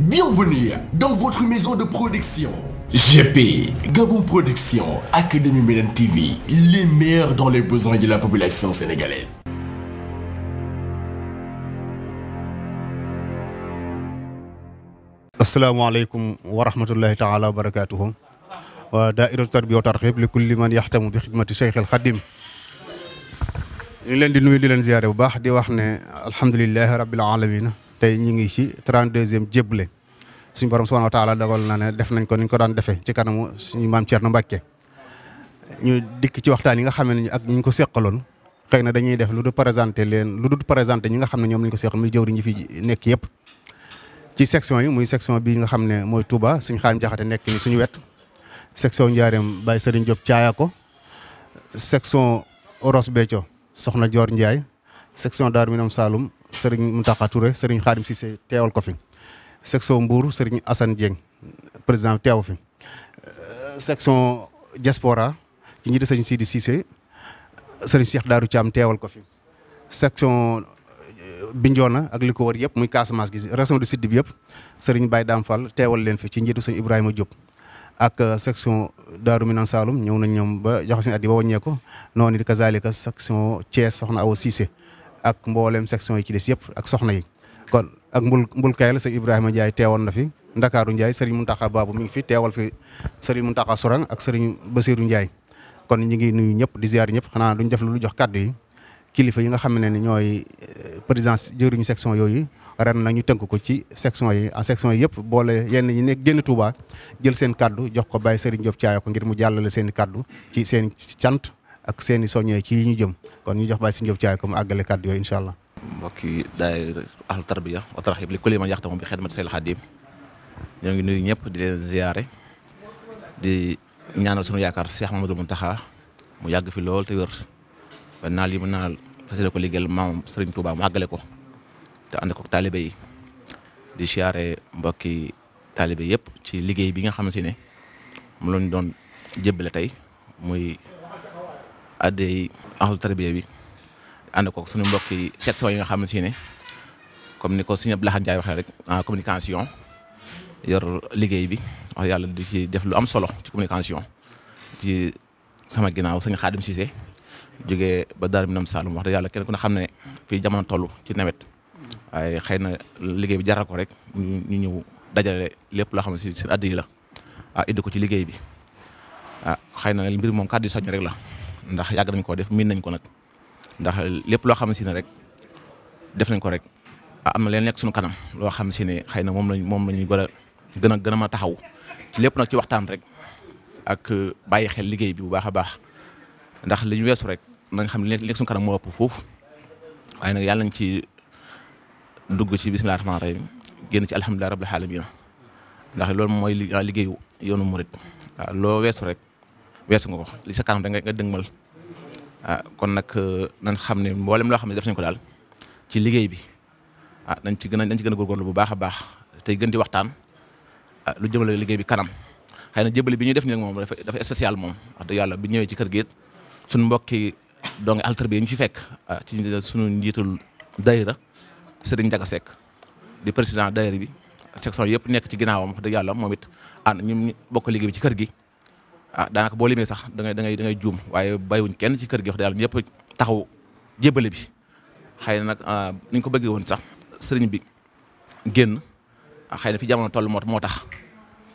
Bienvenue dans votre maison de production. GP, Gabon Production, Académie Médan TV, les meilleurs dans les besoins de la population sénégalaise. asalaamaaleykum wa rahmatullahi taala wa barakaatuhu wa daa'iratu tarbiya wa tarxiib li kulli man yaxtamu bi xidmati Cheikh al Xadim ñu ngi leen di nuyu di leen ziyaare bu baax di wax ne alhamdulilahi rabbil alamin tey ñu ngi ci 32 deuxième jébbale suñ borom subhanahu wa taala dogal na ne def nañ ko ni ko daan defee ci kanamu suñu maam Thierno Mbacke ñu dikk ci waxtaan yi nga xam ne ak ñu ko seqaloon xëy na dañuy def lu du présenté leen lu du présenté ñi nga xam ne ñoom lañ ko seqal muy jëwriñ ñi fi nekk yëpp. ci section yi muy section bi nga xam ne mooy tuba suñu Xaadim Jaxate nekk ni suñu wet section Ndiarème Baye Serigne Diop caaya ko section Oros Béthio Soxna Dior Ndiaye section Darou Minam Saloum sëriñ Mountakha Touré sëriñ Khadim Cissé teewal ko fi section Mbour sëriñ Assane Dieng président teew fi euh, section diaspora ci ñi di sëriñ Sidi Cissé sëriñ Cheikh Darou Thiam teewal ko fi section euh, Bignona ak li ko wër yëpp muy Casamance gi région du Sud bi yëpp sëriñ Baye Dame Fall teewal leen fi ci njiitu sëriñ Ibrahima Diop. ak euh, section Daaru Minan Saloum ñëw nañ ñoom ba joxe seen at ba wàññeeku noonu di kazalika section Thiès soxna Awa Cissé ak mbooleem section yi ci des yëpp ak soxna yi kon ak mbul mbul kay la sëñ Ibrahima Ndiaye teewoon na fi Ndakaaru Ndiaye sëriñ Mountakha Babou mi ngi fi teewal fi sëriñ Mountakha Sourang ak sëriñ Basirou Ndiaye kon ñu ngi nuyu ñëpp di ziar ñëpp xanaa duñ def lu jox kàddu yi kilifa yi nga xam ne ni ñooy eh, président jëriñu section yooyu ren na ñu tënk ko ci section yi en section yi yëpp boole yenn ñu nekk génn Touba jël seen kaddu jox ko bàyyi sëriñ Diop Thiaye ko ngir mu jàllale seen i kàddu ci seen cant ak seeni i soññee ci yi ñu jëm kon ñu jox Baye Serigne Diop Thiaye comme àggale kàddu yooyu incha allah. mbokk yi daayira ahlu tarbiya wa tarxiib li kulli man yaxtamu bi xidmati Seydil ñoo ngi nuyu ñëpp di leen ziyaare di yaakaar Cheikh Mamadou Mountakha mu yàgg fi lool te wér ba naal yi mu naal ko liggéeyal maam Serigne Touba mu àggale ko te ànd ko taalibe yi di siyaare mbokki taalibe yëpp ci liggéey bi nga xam si ne mu lañ doon jébbale tey muy. addee axlu tarbiya bi ànd koog suñu mbokki section yi nga xam ne comme ni ko suñu Abdoulaye Ndiaye waxee rek en communication yor liggéey bi yàlla di ci def lu am solo ci communication ci sama ginnaaw sëñ Xaadim Cissé jógee ba Darou Minam Saloum wax dëgg yàlla kenn ku xam ne fii jamono toll ci nawet waaye xëy na liggéey bi jarako rek ñu ñëw dajale lépp loo xam si seen addi la ah indi ko ci liggéey bi a ah, xëy na mbir moom kàddu sañ rek la. ndax yàgg nañ koo def miin nañ ko nag ndax lépp loo xam si ne rek def nañ ko rek ah, am na leen nekk suñu kanam loo xam si ne xëy na moom lañ moom la ñuy gën a gën ma taxaw ci lépp nag ci waxtaan rek ak euh, bàyyi xel liggéey bi bu baax a baax ndax li ñu weesu rek nañ xam li lekk suñu kanam moo ëpp foofu waaye nag yàlla nañ ci dugg ci bismillah rahmaani rahim génn ci alhamdulilah rabbil alamin ndax loolu mooy ah, liggéeyu yoonu mu waaw loo weesu rek. weesu nga ko li sa kanam da nga dëngmal ah kon nag euh, nañ xam ne mboolem loo xam ne def nañ ko daal ci liggéey bi ah nañ ci gën a nañ ci gën a góorgóorlu bu baax a baax tey gën di waxtaan ah, lu jëmale liggéey bi kanam xëy na jëbale bi ñuy def nii nag dafa dafa spécial moom wax dëgg yàlla bi ñëwee ci kër gi suñu mbokki donc altar bi ñu ah, ci fekk ci suñu njiitul daayira Serigne Ndiaga Seck di président daayira bi section yëpp nekk ci ginnaawam wax dëgg yàlla moom it ànd ah, ñu bokk liggéey bi ci kër gi ah daanaka boo limee sax da ngay da ngay da ngay juum waaye wuñ kenn ci kër gi wax dëgg yàlla ñëpp taxaw jébale bi xëy na nag ah, ni ñu ko bëggee woon sax sëriñ bi génn ah, xëy na fi jamono toll moo moo tax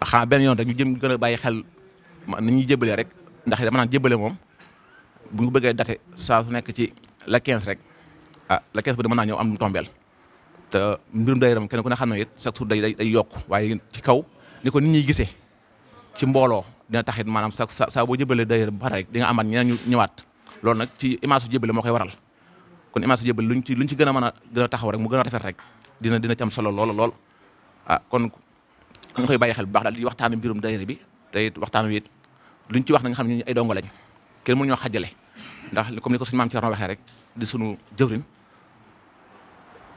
ah, xanaa benn yoon rek jëm gën bàyyi xel ni ñuy jébalee rek ndax dama naan jébale moom bu bëggee date saa su nekk ci la 15 rek ah la bi dama naa ñëw am lu tombeel te mbirum daayira kenn ku ne xam na it chaque jour day day yokk waaye ci kaw ni ko nit ñi gisee. ci mbooloo dina taxit maanaam sa sa saa boo jëbalee daayira ba pare rek di nga amaat ñeneen ñu ñëwaat loolu na ci image su jëbale moo koy waral kon image su jëbale luñ ci luñ ci gën a mën a gën taxaw rek mu gën a rafet rek dina dina solo lool lool a ah, kon nga koy bàyyi xel bu baax daal di waxtaanu mbirum daayira bi te it waxtaan wi it luñ ci wax na xam ne ay dongo lañ kenn mënu ñoo xajale ndax comme ni ko suñu maam Thierno waxee rek di suñu jëwrin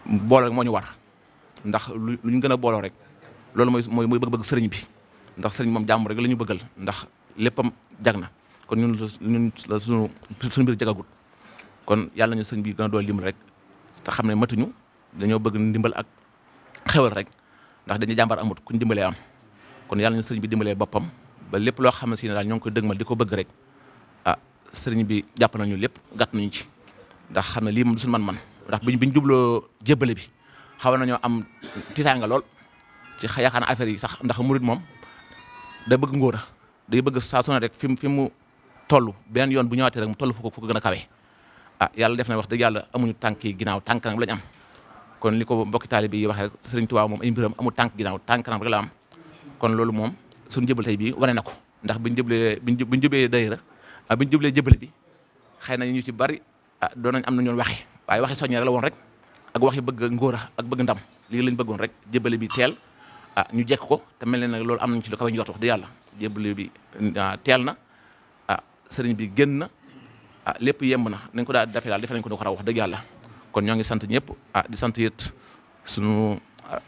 boole rek moo ñu war ndax luñ gën a booloo rek loolu mooy mooy bëgg-bëgg sëriñ bi ndax sëriñ moom jàmm rek la ñu bëggal ndax léppam jag na kon ñun ñun suñu suñu mbir jagagut kon yàlla ñu sëñ bi gën a dool dimbal rek te xam ne matuñu dañoo bëgg ndimbal ak xewal rek ndax dañuy jàmbar amut kuñ dimbalee am kon yàlla ñu sëriñ bi dimbalee boppam ba lépp loo xam ne si ne daal ñoo ngi koy dëgmal di ko bëgg rek ah sëriñ bi jàpp nañu lépp gàtt nañu ci ndax xam ne lii moom suñu man-man ndax biñ biñ jubloo jébbale bi xaw nañoo am tiitaanga lool ci yaakaar na affaire yi sax ndax murid moom da bëgg ngóor day bëgg saa su rek fi mu fi mu toll benn yoon bu ñëwaatee rek mu toll fu ko fu gën a kawe ah yàlla def na wax dëgg yàlla tànk yi ginnaaw tànk kanam lañ am kon li ko mbokki taalibe yi waxee rek Sëriñ Tuubaa moom ay mbiram amul tànk ginnaaw tànk kanam rek la am kon loolu moom suñu jëbal tey bii wane na ko ndax biñ jëblee biñ biñ jëbee dayra ah biñ jëblee jëbal bi xëy na ñu ci bari a ah, doon nañ am na ñoon waxe waaye waxe soññe la woon rek ak waxe bëgg ngóora ak bëgg ndam lii lañ bëggoon rek jëbale bi teel ah ñu jekk ko te mel ne nag loolu am nañ ci lu kawe ñu wax di yàlla jébbali bi ah, teel na ah sëriñ bi génn na ah lépp yemb na nañ ko daal dafe daal defe nañ ko ni ko raw wax dëgg yàlla kon ñoo ngi sant ñëpp ah di sant yët suñu ah,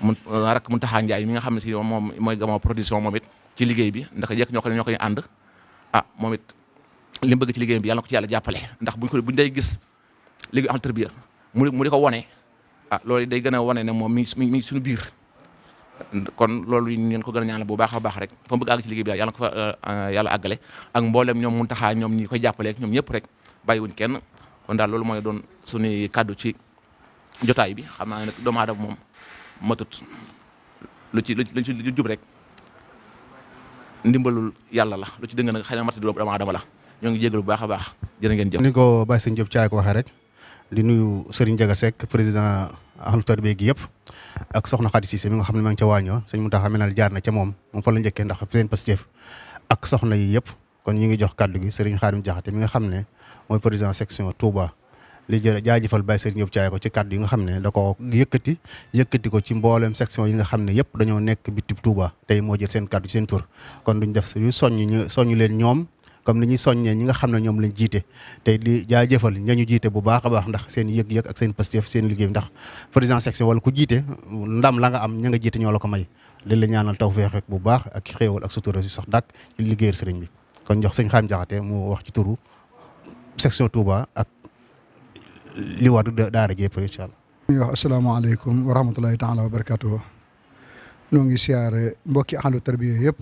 mun rak Muntaxa Njaay mi nga xam ne si moom mooy gamoo production moom it ci liggéey bi ndax yekk ñoo ko ñoo koy ànd ah bëgg ci liggéey bi yàlla ko ci yàlla jàppale ndax buñ ko buñ day gis liggéey am mu mu di ko wone ah, loolu day gën a wone ne moom mi mi suñu biir kon loolu ngeen ko gën a ñaanal bu baax a baax rek fa mu bëgg àgg ci liggéey bi daal yàlla na ko fa euh, euh, ak mboolem ñoom mun taxaa ñoom ñi koy jàppale ak ñoom ñëpp rek bàyyiwuñ kenn kon daal loolu mooy doon suñuy kàddu ci jotaay bi xam naa ne nag doomu moom matut lu ci lu ci jub rek ndimbalul yàlla la lu ci dëng nag xëy na matut doomu aadama la ñoo ngi jégalu bu baax a baax jërë ngeen jëf. ni ko Baye Sëñ Diop Thiaye ko waxee rek di nuyu Serigne Ndiaga Seck président ahlu tarbiya gi yëpp. ak soxna si Siise mi nga xam ne maa ngi ca waañoo sëñ Muntaxa menal jaar na ca moom moom fa a njëkkee ndax seen Pastef ak soxna yi yëpp kon ñu ngi jox kàddu gi sëriñ Xaadim Jaxate mi nga xam ne mooy président section Touba li jërë jaajëfal Baye Serigne Diop Thiaye ko ci kàddu yi nga xam ne da ko yëkkati yëkkati ko ci mboolem section yi nga xam ne yëpp dañoo nekk bitib Touba tey moo jël seen kàddu ci seen tur kon duñ def suñu soññ ñu soññ leen ñoom comme ni soñ soññee ñi nga xam ne ñoom lañ jiite tey di jaajëfal ñañu jiite bu baax a baax ndax seen yëg-yëg ak seen pastef seen liggéey ndax président section wala ku jiite ndam la nga am ña nga jiite ñoo la ko may li la ñaanal tawfeex rek bu baax ak xéewal ak sutura yu sax dak liggéey liggéeyal sëriñ bi kon jox sëñ Xaam Jaxate mu wax ci turu section Touba ak li war daara jépp incha allah ñu wax asalaamaaleykum wa rahmatulahi taala wa barakatuh noo ngi siyaare mbokki ahlu tarbiya yëpp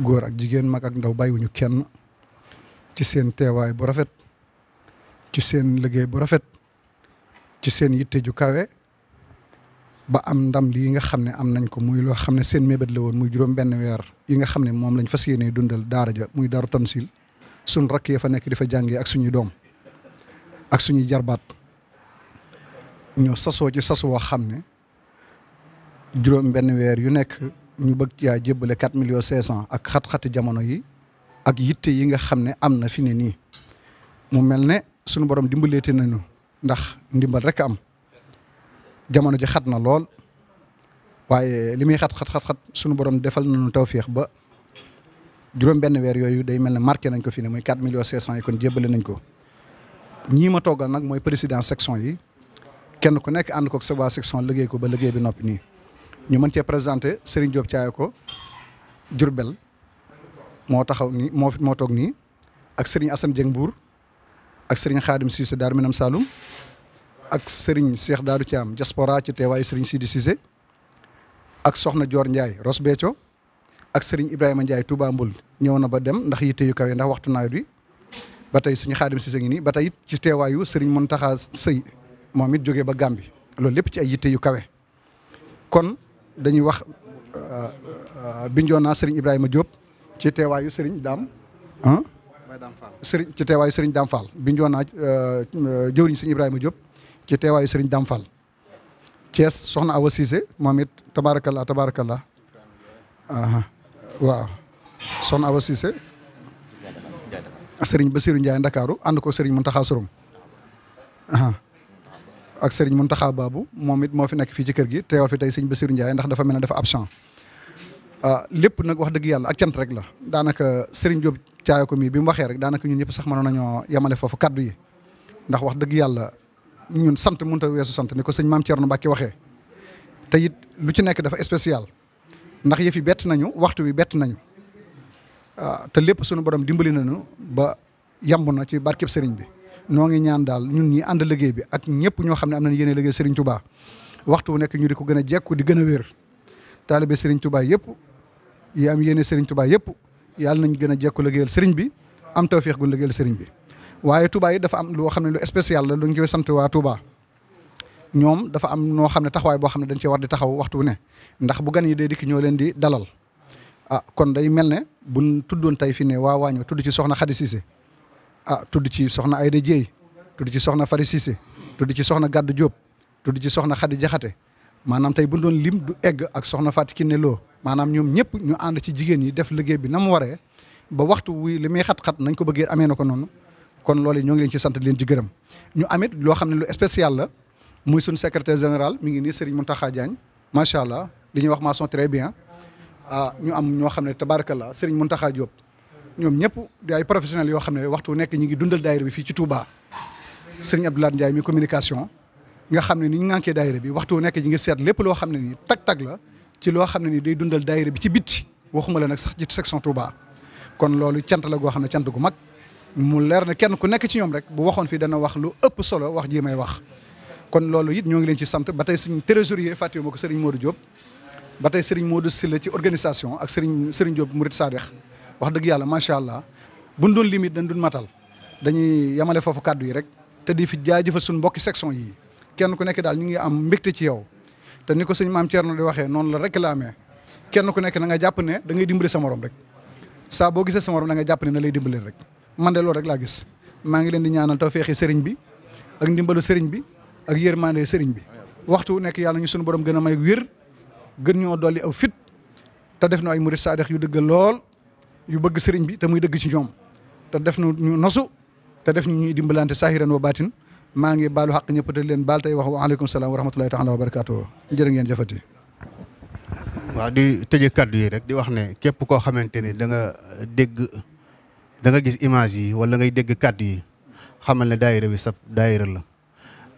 góor ak jigéen mag ak ndaw bàyyiwuñu kenn ci seen teewaay bu rafet ci seen liggéey bu rafet ci seen yitte ju kawe ba am ndam yi nga xam ne am nañ ko muy loo xam ne seen mébét la woon muy juróom benn weer yi nga xam ne moom lañ fas yéene dundal daara ja muy daaru tansil suñ rakk ya fa nekk di fa jàngee ak suñuy doom ak suñuy jarbaat ñoo sasoo ci sasoo xam ne juróom benn weer yu nekk ñu bëgg yaa jébbale quatre millions cinq cent ak xat-xati jamono yi ak yitte yi nga xam ne am na fi ne nii mu mel ne suñu borom dimbaleete nañu ndax ndimbal rek am jamono ji xat na lool waaye li muy xat xat xat xat suñu borom defal nañu tawféex ba juróom benn weer yooyu day mel ne marqué nañ ko fi ne muy quatre millions cinq cent yi kon jébbale nañ ko ñii ma toggal nag mooy président section yi kenn ku nekk ànd ko sa section liggéey ko ba liggéey bi noppi nii ñu mën cee présenté Serigne Diop Thiaye ko Diourbel moo taxaw nii moo moo toog nii ak Serigne Assane Dieng Mbour ak Serigne Khadim Cissé Daaru Minam Saloum ak Serigne Cheikh Daaru Thiam diaspora ci teewaayu Serigne Sidi Cissé ak Soxna Dior Ndiaye Ross Béthio ak Serigne Ibrahima Ndiaye Touba Mbul ñëw na ba dem ndax yitte yu kawe ndax waxtu nawet bi ba tey suñu Khadim Cissé ngi nii ba tey ci teewaayu Serigne Mountakha Seye moom it jógee ba Gàmbi loolu lépp ci ay yitte yu kawe dañuy wax euh, euh, bindoonaa Serigne Ibrahima Diop ci teewaayu Serigne Dame ah. Serigne ci teewaayu Serigne Dame Fall bindoonaa euh, jëwriñ Serigne Ibrahima Diop ci teewaayu Serigne Dame Fall. Thiès soxna Awa Cissé moom it tabaarakallaa tabaarakallaa waaw soxna Awa Cissé Serigne Bassirou Ndiaye Ndakaaru ànd ko Serigne Mountakha Sorom. ak mun Mountakha baabu moom it moo fi nekk fii ci kër gi te teewal fi tey sëñ Bassirou Ndiaye ndax dafa mel ne dafa absent ah, lépp nag wax dëgg yàlla ak cant rek la daanaka Serigne Diop caaya ko bi mu waxee rek daanaka ñun ñëpp sax mënoon nañoo yemale foofu kaddu yi ndax wax dëgg yàlla ñun sant mënut a weesu sant ni ko sëñ Maam Thierno Mbacke waxee te it lu ci nekk dafa spécial ndax yëf bett nañu waxtu wi bett nañu ah, te lépp sunu borom dimbali nañu ba yamb na ci barkeb sëriñ bi. noo ngi ñaan daal ñun ñi ànd liggéey bi ak ñëpp ñoo xam ne am nañ yéene liggéey Serigne Touba waxtu wu nekk ñu di ko gën a jekku di gën a wér taalibe Serigne Touba yëpp yi am yéene Serigne Touba yëpp yàlla nañ gën a jekku liggéeyal Serigne bi am tawféex gu liggéeyal Serigne bi waaye Touba yi dafa am loo xam ne lu spécial la lu ñu koy sant waa Touba ñoom dafa am noo xam ne taxawaay boo xam ne dañ cee war di taxaw waxtu wu ne ndax bu gan yi dee dikk ñoo leen di dalal a ah, kon day mel ne buñ tuddoon tey fi ne waa waañu tudd ci soxna Xadi Sise ah tudd ci soxna Ayda Dieye tudd ci soxna Fari Cissé tudd ci soxna Gaddu Diop tudd ci soxna Xadi Jaxate maanaam tey bu doon lim du egg ak soxna Fatou Kiné loo maanaam ñoom ñëpp ñu ànd ci jigéen yi def liggéey bi na mu waree ba waxtu wi li muy xat-xat nañ ko bëggee amee na ko noonu kon loole ñoo ngi leen ci sant di leen ci gërëm ñu amit loo xam ne lu spécial la muy suñ secrétaire général mi ngi nii Serigne Mountakha Diagne macha allah li ñuy wax son très bien ah ñu am ñoo xam ne tabaraka la Serigne ñoom ñëpp di ay professionnels yoo xam ne waxtu nekk ñu ngi dundal daayira bi fii ci Touba sëriñ Abdoulaye Ndiaye mi communication nga xam ne ni ñu ŋànkee daayira bi waxtu nekk ñu ngi seet lépp loo xam ne ni tag-tag la ci loo xam ne nii day dundal daayira bi ci bitti waxuma la nag sax ci section Touba kon loolu cant la goo xam ne cant gu mag mu leer na kenn ku nekk ci ñoom rek bu waxoon fii dana wax lu ëpp solo wax ji may wax kon loolu it ñoo ngi leen ci sant ba tey suñu trésorier fàttewuma ko sëriñ Modou Diop ba tey sëriñ Modou Sylla ci organisation ak sëriñ sëriñ Diop Mourid Sadikh wax dëgg yàlla macha allah buñ doon limite dañ doon matal dañuy yamale foofu kàddu yi rek te di fi jaajëfal suñ mbokki section yi kenn ku nekk daal ñu ngi am mbégte ci yow te ni ko sëñ maam Thierno di waxee noonu la réclamé kenn ku nekk nanga jàpp ne dangay dimbale sa morom rek saa boo gisee sa morom nga jàpp ne na lay dimbalee rek man de rek laa gis maa ngi leen di ñaanal tawfeexi sëriñ bi ak ndimbalu sëriñ bi ak yër yërmande sëriñ bi waxtu nekk yàlla ñu sunu borom gën a may wér gën ñoo dolli aw fit te def na ay murid saadix yu dëgg lool yu bëgg sëriñ bi te muy dëgg ci ñoom te def nu ñu nosu te def ñu ñuy dimbalante saahiran wa baatin maa ngi baalu xaq ñëpp di leen baal tey wax waaleykum salaam wa rahmatulahi taala wa barakaatu jërë ngeen jëfati di tëje kàddu yi rek di wax ne képp koo xamante ni da dégg da gis image yi wala ngay dégg kàddu yi xamal ne daayira bi sab daayira la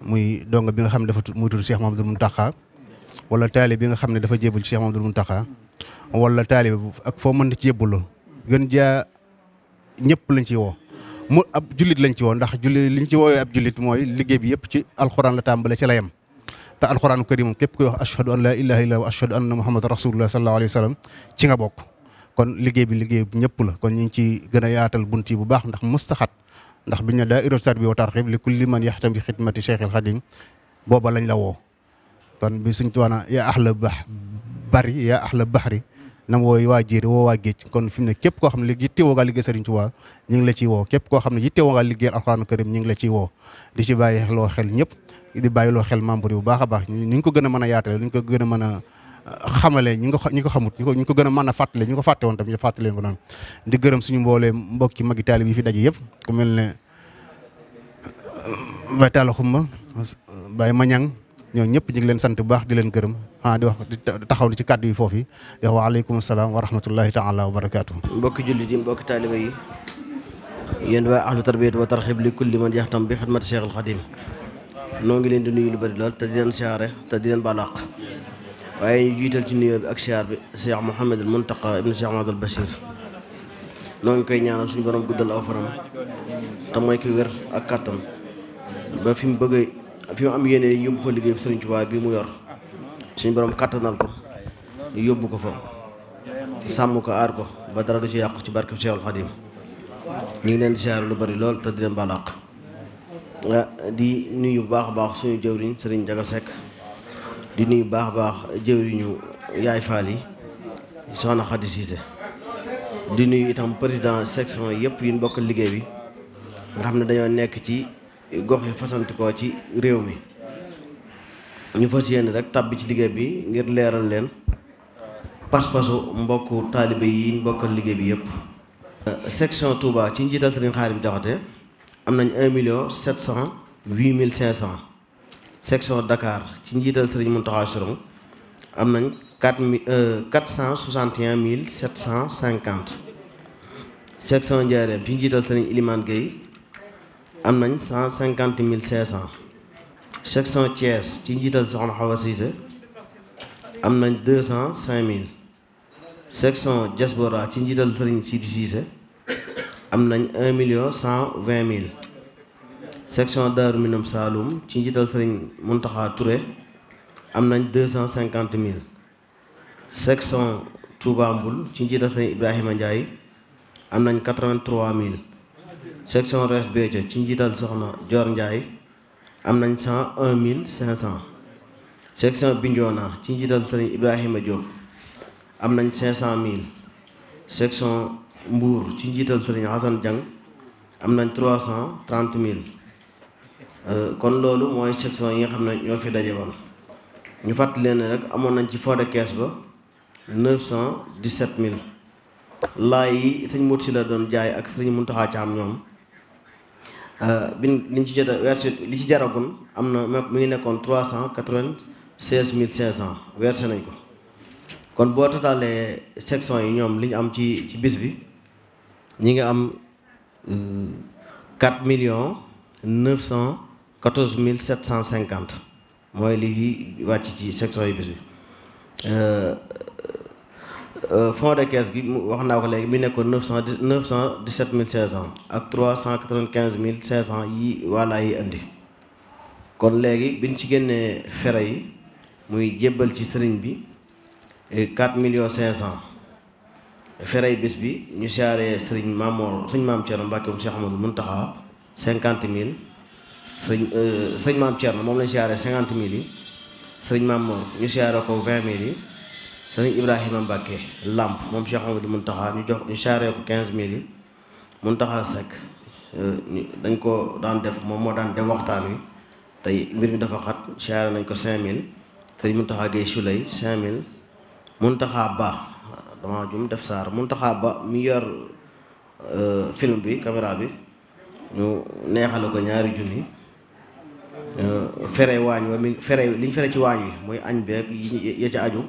muy dong bi nga xam ne dafa muy tudd Cheikh Mamadou Mountakha wala taali bi nga xam ne dafa jébul Cheikh Mamadou Mountakha wala taali bi ak foo mën ci jébbaloo gën jaa ñëpp lañ ci woo mu ab jullit lañ ci woo ndax julli liñ ci woowee ab jullit mooy liggéey bi yëpp ci alxuraan la tàmbale ci la yem te alxuraanu karim képp koy wax ashhadu an laa ilaaha illallaah wa ashhadu anna muhammadan rasulullah sallallaahu alayhi ci nga bokk kon liggéey bi liggéey bi ñëpp la kon ñu ngi ci gën a yaatal bunt yi bu baax ndax mustaxat ndax biñ ne daa'iratu tarbiya wa tarxiib li kulli man yaxtam bi xidmati Cheikhil Xadim booba lañ la woo kon bi suñ tuwaana yaa ahla bahri yaa ahla bahri nam woo waa jéeri woo waa géej kon fi mu ne képp koo xam ne léegi yittewoo nga liggéey Serigne Touba ñu ngi la ciy woo képp koo xam ne yittewoo nga liggéey alxuraanu karim ñu ngi la ciy woo di ci bàyyi loo xel ñëpp di bàyyi loo xel membre yi baax a baax ñu ko gën a mën a yaatale ñu ko gën a mën a uh, xamale ñi ko ñi ko xamut ñu ko ñu ko gën a mën a fàttale ñu ko fàtte woon tam ñu fàttale ko noonu di gërëm suñu mboolee mbokki magi taalib yi fi daje yëpp ku mel ne uh, Baye Talla Xumma ma Mañang ñoo ñëpp ñu ngi leen sant bu baax di leen gërëm ah di wax di taxaw ni ci kàddu yi foofu yi wa aleykum salaam wa rahmatullahi taala wa barakaatu. mbokki jullit yi mbokki taaliba yi yéen waa ahlu tarbiyat wa tarxib li kulli man yaxtam bi xidmati Cheikh al Xadim noo ngi leen di nuyu lu bëri lool te di leen siyaare te di leen balaq waaye ñu jiital ci nuyoo bi ak siyaar bi Cheikh Mouhamed al Muntaqa ibn Cheikh Mouhamed al Bachir noo ngi koy ñaanal suñu borom guddal aw fanam te mooy ki wér ak kàttan fi mu am yéene yóbbu fa liggéey Sëriñ Tuubaa bi mu yor suñu boroom kattanal ko yóbbu ko fa sàmm ko aar ko ba dara du ci yàqu ci barkeb Seexul Xadiim ñu ngi leen di lu bari lool te di leen balaq ah, di nuyu bu baax a baax suñu jëwriñ Sëriñ Jaga Sekk di nuyu baax baax jëwriñu Yaay Faal yi soxna Xadi Siise di nuyu itam président section yëpp yu ñu bokk liggéey bi nga xam ne dañoo nekk ci gox yi fasant ci réew mi ñu fas yéene rek tàbbi ci liggéey bi ngir leeral leen pas-pasu mbokku taalibe yi ñu liggéey bi yëpp. section Touba ci njiital Sëriñ bi Jaxate am nañ un million sept cent huit mille cinq cent section Dakar ci njiital Sëriñ Muntaxa Sourang am nañ quatre mille euh, quatre cent soixante et un mille sept cent cinquante section Njaareem ci njiital Sëriñ Ilimane Gueye am nañ cent cinquante mille cinq cent section Thiès ci njiital soxna Xawa Siise am nañ deux cent cinq mille section diaspora ci njiital sëriñ Sidi am nañ un million cent vingt mille section Daaru Minam Saloum ci njiital sëriñ Muntaxa Touré am nañ deux cent cinquante mille section Touba ci njiital sëriñ ibraahima Ndiaye am nañ quatre vingt section Ross Béthio e ci njiital soxna joor Ndiaye am nañ cent un mille cinq cent section Bignona ci njiital sëriñ Ibrahima Diop am nañ cinq cent mille section Mbour ci njiital sëriñ Hassan jang am nañ trois cent trente mille euh, kon loolu mooy section yi nga xam ne ñoo fi daje woon ñu fàttali leen rek amoon nañ ci fond de caisse ba neuf cent dix-sept mille laay yi sëñ Mut si la doon jaay ak sëriñ ca am ñoom Euh, biñ ni ci jot a versé li ci jaragun am na mu ngi nekkoon trois cent quatre-vingt-seize mille cinq cent versé nañ ko kon boo totalee section yi ñoom li ñu am ci ci bis bi ñi ngi am euh, quatre million neuf cent quatorze mille sept cent cinquante mooy li wàcc ci section yi bis bi euh, Euh, fond de caisse gi wax naa ko léegi bi nekkoon neuf cent neuf cent dix sept mille seize cent ak trois cent quatre vingt quinze mille seize cent yi walla yi indi kon léegi biñ ci génnee fere yi muy jébbal ci sëriñ bi eh, quatre million cinq cent fere yi bis bi ñu siyaaree sëriñ Maamoor sëriñ Maam Cerno Mbàkke mu Seex cinquante mille sëriñ euh, sëriñ Maam Cerno moom lañ siyaaree cinquante mille yi sëriñ Maamoor ñu siyaaree ko vingt mille yi sëriñ Ibrahima Mbacke làmp moom Cheikh Amadou Muntaxa ñu jox ñu charré ko quinze mille yi taxa Seck euh, dañ ko daan def moom moo daan def waxtaan wi tey mbir mi dafa xat charré nañ ko cinq mille sëriñ Muntaxa Gueye Souley cinq mille mun Muntaxa Ba dama jum def saar Muntaxa Ba mi yor euh, film bi caméra bi ñu neexale ko ñaari junni euh, fere waañ wa mi fere liñ fere ci waañ wi mooy añ beeg yi ya ca aju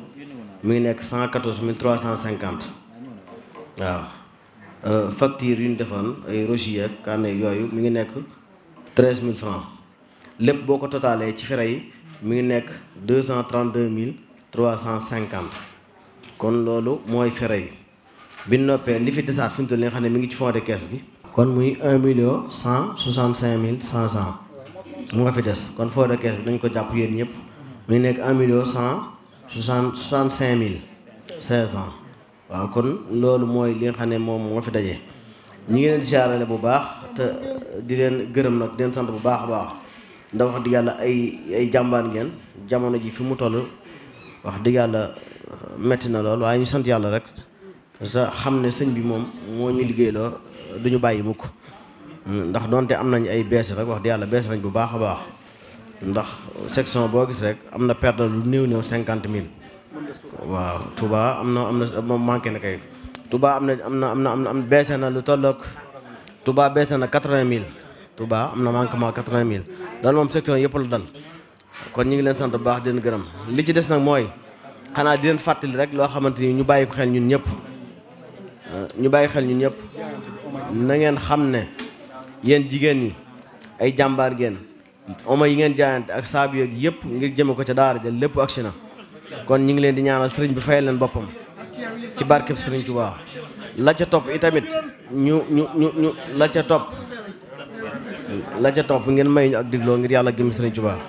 mi ngi nekk cent quatorze mille trois cent cinquante waaw euh, facture yu ñu defoon ay rogi ak yooyu mi ngi nekk treize mille francs lépp boo ko totalee ci fere yi mi ngi nekk deux cent trent deux mille trois cent cinquante kon loolu mooy fere yi bi noppee li fi desaat fi mu toll li nga xam ne mi ngi ci fond de caisse bi kon muy un million cent soixante cinq mille cent cent mu nga fi des kon fond de caisse bi dañ ko jàpp yéen ñëpp mu ngi nekk un million cent soixante soixante cinq mille seize ans waaw kon loolu mooy li xam ne moom moo fi daje ñi ngi leen di siyaarale bu baax te di leen gërëm nag den leen sant bu baax a baax ndax wax dëgg yàlla ay ay jàmbaar ngeen jamono ji fi mu toll wax dëgg yàlla euh, metti na lool waaye ñu sant yàlla rek te xam ne sëñ bi moom moo ñu liggéeyloo du ñu bàyyi mukk ndax donte am nañ ay bees rek wax dëgg yàlla bees nañ bu baax a baax ndax section boo gis rek am na perte lu néew néew cinquante mille waaw tubaa am na am na moom manqué na kay Touba am na am na am na am na beese na lu tolloog tubaa beese na quatre-vingt mille tubaa am na manquement quatre-vingt mille loolu moom section yëpp la dal kon ñu ngi leen sant bu baax di leen gërëm li ci des nag mooy xanaa di leen fàttali rek loo xamante ni ñu bàyyi ko xel ñun ñëpp eh, ñu bàyyi xel ñu ñëpp nangeen xam ne yéen jigéen ñi ay jàmbaar ngeen oma yi ngeen jaayante ak saabu yeeg yëpp ngir jëme ko ca daara ja lépp agsi na kon ñu ngi leen di ñaanal sëriñ bi fayal leen boppam ci barkeb sëriñ Tuubaa la ca topp itamit ñu ñu ñu ñu la ca topp la ca topp ngeen may ñu ak digloo ngir yàlla gëm sëriñ Tuubaa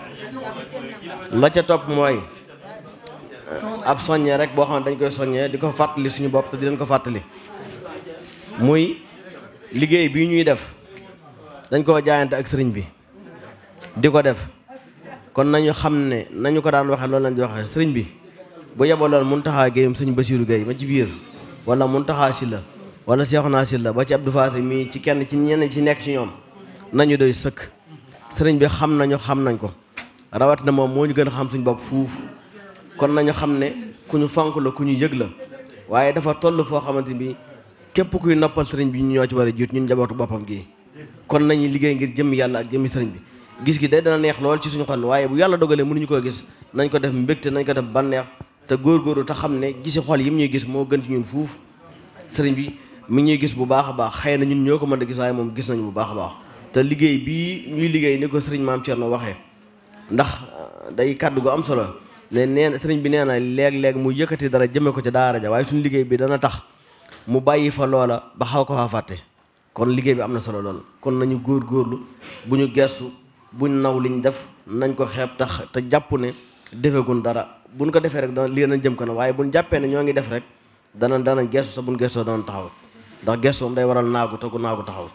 la ca topp mooy eh, ab soññee rek boo xam ne dañ koy soññee di ko fàttali suñu bopp te di leen ko fàttali muy liggéey bi ñuy def dañ koo jaayante ak sëriñ bi di ko def kon nañu xam ne nañu ko daan waxe loolu lañ di waxee sëriñ bi bu yebaloon mun taxaa géeyum suñu Basiiru Gay ma ci biir wala mun taxaa si la wala Seexuna si la ba ci Abdou Faati mii ci kenn ci ñenn ci nekk ci ñoom nañu doy sëkk sëriñ bi xam nañu xam nañ ko rawat na moom moo ñu gën a xam suñu bopp fuuf kon nañu xam ne ku ñu fonk la ku ñu yëg la waaye dafa toll foo xamante bi képp kuy noppal sëriñ bi ñu ñoo ci war a jiit ñun njabootu boppam gii kon nañu liggéey ngir jëm yàlla ak jëmmi sëriñ bi gis gi day dana neex lool ci suñu xol waaye bu yàlla dogalee ñu koo gis nañ ko def mbégte nañ ko def banneex te góor góorgóorlu te xam ne gisi xol mu ñuy gis moo gën ci ñun fuuf sëriñ bi mi ngi ñuy gis bu baax a baax xëy na ñun ñoo ko man a gis waaye moom gis nañu bu baax a baax te liggéey bii ñuy liggéey ni ko sëriñ maam Thierno waxee ndax euh, day kàddu gu am solo ne neen sëriñ bi nee na léeg-léeg mu yëkkati dara jëmee ko ci daara ja waaye suñu liggéey bi dana tax mu bàyyi fa loola ba xaw ko fàtte kon liggéey bi am na solo lool kon nañu buñ naw liñ def nañ ko xeeb tax te jàpp ne defegun dara buñ ko defee rek dana lii nañ jëm na waaye buñ jàppee ne ñoo ngi def rek danañ dana gestu sax buñ gestoo dana taxaw ndax gestu moom waral naagu te ku naagu taxaw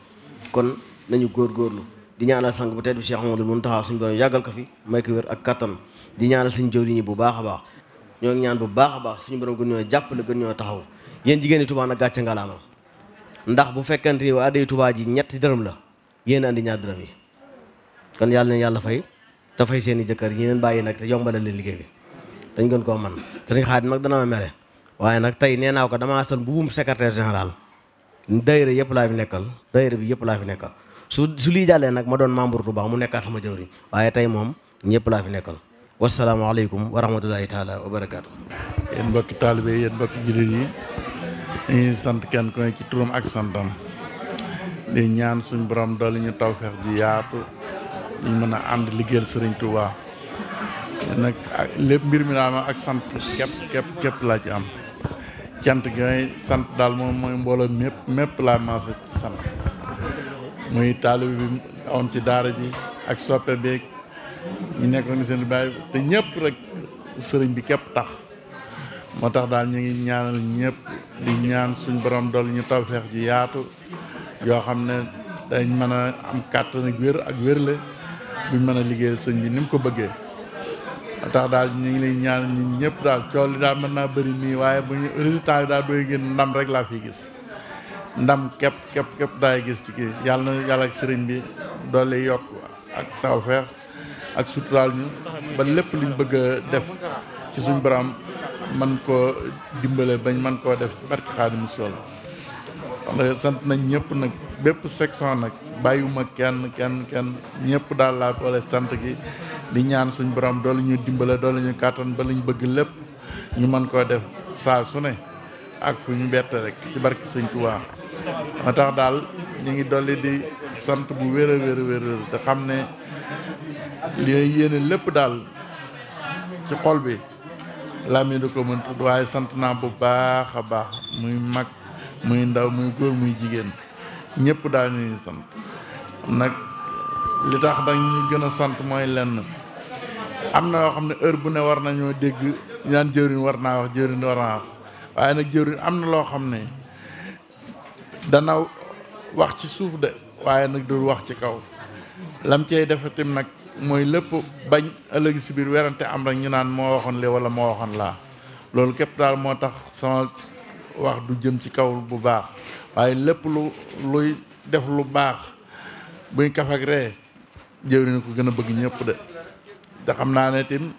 kon nañu góorgóorlu di ñaanal sang bu tedd bi Cheikh Amadou Mountakha suñu borom yàggal ko fi may ko wér ak kattan di ñaanal suñu jëwriñ yi bu baax a baax ñoo ngi ñaan bu baax a baax suñu borom gën ñoo jàppale gën ñoo taxaw yéen jigéen yi na nag gàcce ngalaama ndax bu fekkante ni waa day Touba ji ñetti dërëm la yéen andi ñaar yi kon yàlla na yàlla fay te fay seen i jëkkër ñi leen bàyyi nag te yombalal leen liggéey bi dañ gën koo man sëriñ Xaadim nag dana ma mere waaye nag tey nee naa ko damaa sol bu buum secrétaire général daayira yëpp laa fi nekkal daayira bi yëpp laa fi nekkal su su lii jàllee nag ma doon membre Touba mu nekkaat sama jëwriñ waaye tey moom ñëpp laa fi nekkal wasalaamaaleykum wa rahmatulahi taala wa barakaatu. yéen mbokki taalibe yéen mbokki jullit yi dañuy sant kenn ak santam di ñu mën a ànd liggéeyal sëriñ Touba nag lépp mbir mi daal ak sant képp képp képp laa ci am cant gi sant daal moom mooy mbooloo mépp mépp laa maasa ci sant muy taalib bi awoon ci daara ji ak soppe beeg ñu nekkoon seen bàyyi te ñëpp rek sëriñ bi képp tax moo tax daal ñu ngi ñaanal ñëpp di ñaan suñ borom dool ñu tawfeex ji yaatu yoo xam ne dañ mën a am kàttan ak wér ak wérle duñ mën a liggéeyal sëñ bi ni mu ko bëggee tax daal ñu ngi lay ñaan ñun ñëpp daal coow li daal mën naa bëri nii waaye bu ñu résultat yi daal dooy génn ndam rek laa fi gis ndam képp képp képp daay gis ci kii yàlla na yàlla ak sëriñ bi doole yokk ak tawfeex ak suturaal ñu ba lépp luñ bëgg a def ci suñ borom man koo dimbale bañ man koo def barki Xaadimu Rasuul sant nañ ñëpp nag bépp section nag bàyyiwuma kenn kenn kenn ñëpp daal laa boole sant gi di ñaan suñ borom doole ñu dimbale doole ñu kàttan ba lañ bëgg lépp ñu mën koo def saa sune ak fu ñu bett rek ci barki sëñ Tuubaa ma tax daal ñu ngi dolli di sant bu wér a wér a wér te xam ne li yéene lépp daal ci xol bi lami du ko mën tudd waaye sant naa bu baax a baax muy mag muy ndaw muy góor muy jigéen ñépp daal sant nag li tax dañ ñu gën a sant mooy lenn am na loo xam ne heure bu ne war nañoo dégg ñaan jëwriñ war naa wax jëwriñ war naa wax waaye nag jëwriñ am na loo xam ne dana wax ci suuf de waaye nag du wax ci kaw lam cey defetim nag mooy lépp bañ ëllëg si biir werante am rek ñu naan moo waxoon lii wala moo waxoon laa loolu képp daal moo tax sama wax du jëm ci kaw bu baax waaye lépp lu luy def lu baax buy kaf ak ree jëwriñ ko gën a bëgg ñëpp de te xam naa ne tim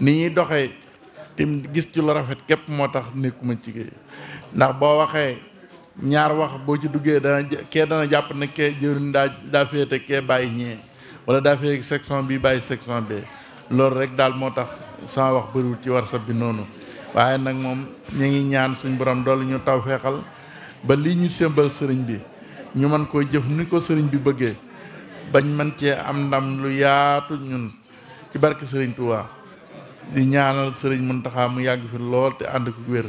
ni ñuy doxee tim gis ci lu rafet képp moo tax nekkuma ci kii ndax boo waxee ñaar wax boo ci duggee dana kee dana jàpp ne kee jëwriñ daa daa féete kee bàyyi ñee wala daa féete section bii bàyyi section bi loolu rek daal moo tax sama wax bëriwul ci war sa bi noonu waaye nag moom ñu ngi ñaan suñ borom dool ñu taw feexal ba lii ñu sémbal sëriñ bi ñu mën koo jëf ni ko sëriñ bi bëggee bañ mën cee am ndam lu yaatu ñun ci barke sëriñ Tuubaa di ñaanal sëriñ Muntaxa mu yàgg fi lool te ànd ko wér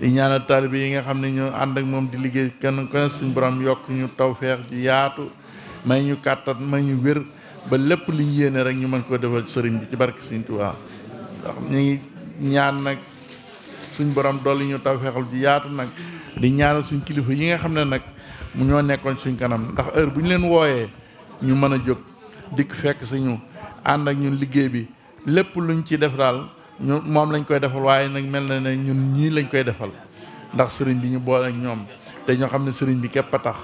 di ñaanal taalibe yi nga xam ne ñu ànd ak moom di liggéey kenn suñ borom yokk ñu taw feex ji yaatu may ñu kàttan may ñu wér ba lépp liñ yéene rek ñu mën koo defal sëriñ bi ci barke sëriñ Tuubaa ñu ngi ñaan nag suñ borom yi ñu taw feexal ju yaatu nag di ñaanal suñ kilifa yi nga xam ne nag mu ñoo nekkoon suñ kanam ndax heure bu ñu leen wooyee ñu mën a jóg dikk fekk si ñu ànd ak ñun liggéey bi lépp luñ ci def daal ñu moom lañ koy defal waaye nag mel na ne ñun ñii lañ koy defal ndax sëriñ bi ñu boole ak ñoom te ñoo xam ne sëriñ bi képp a tax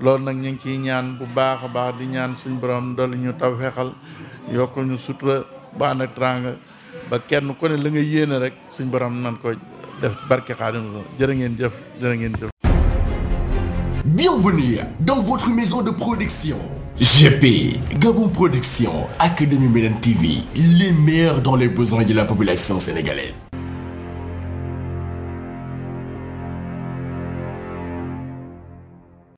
loolu nag ñu ngi ciy ñaan bu baax a baax di ñaan suñ borom dolli ñu taw feexal yokkal ñu sutura ba ak teraanga ba kenn ku ne la nga yéene rek suñ borom nan ko def barke Xaadimu Rasuul jërë ngeen jëf jërë ngeen jëf. Bienvenue dans votre maison de production. GP, Gabon Production, Académie Médan TV, les meilleurs dans les besoins de la population sénégalaise.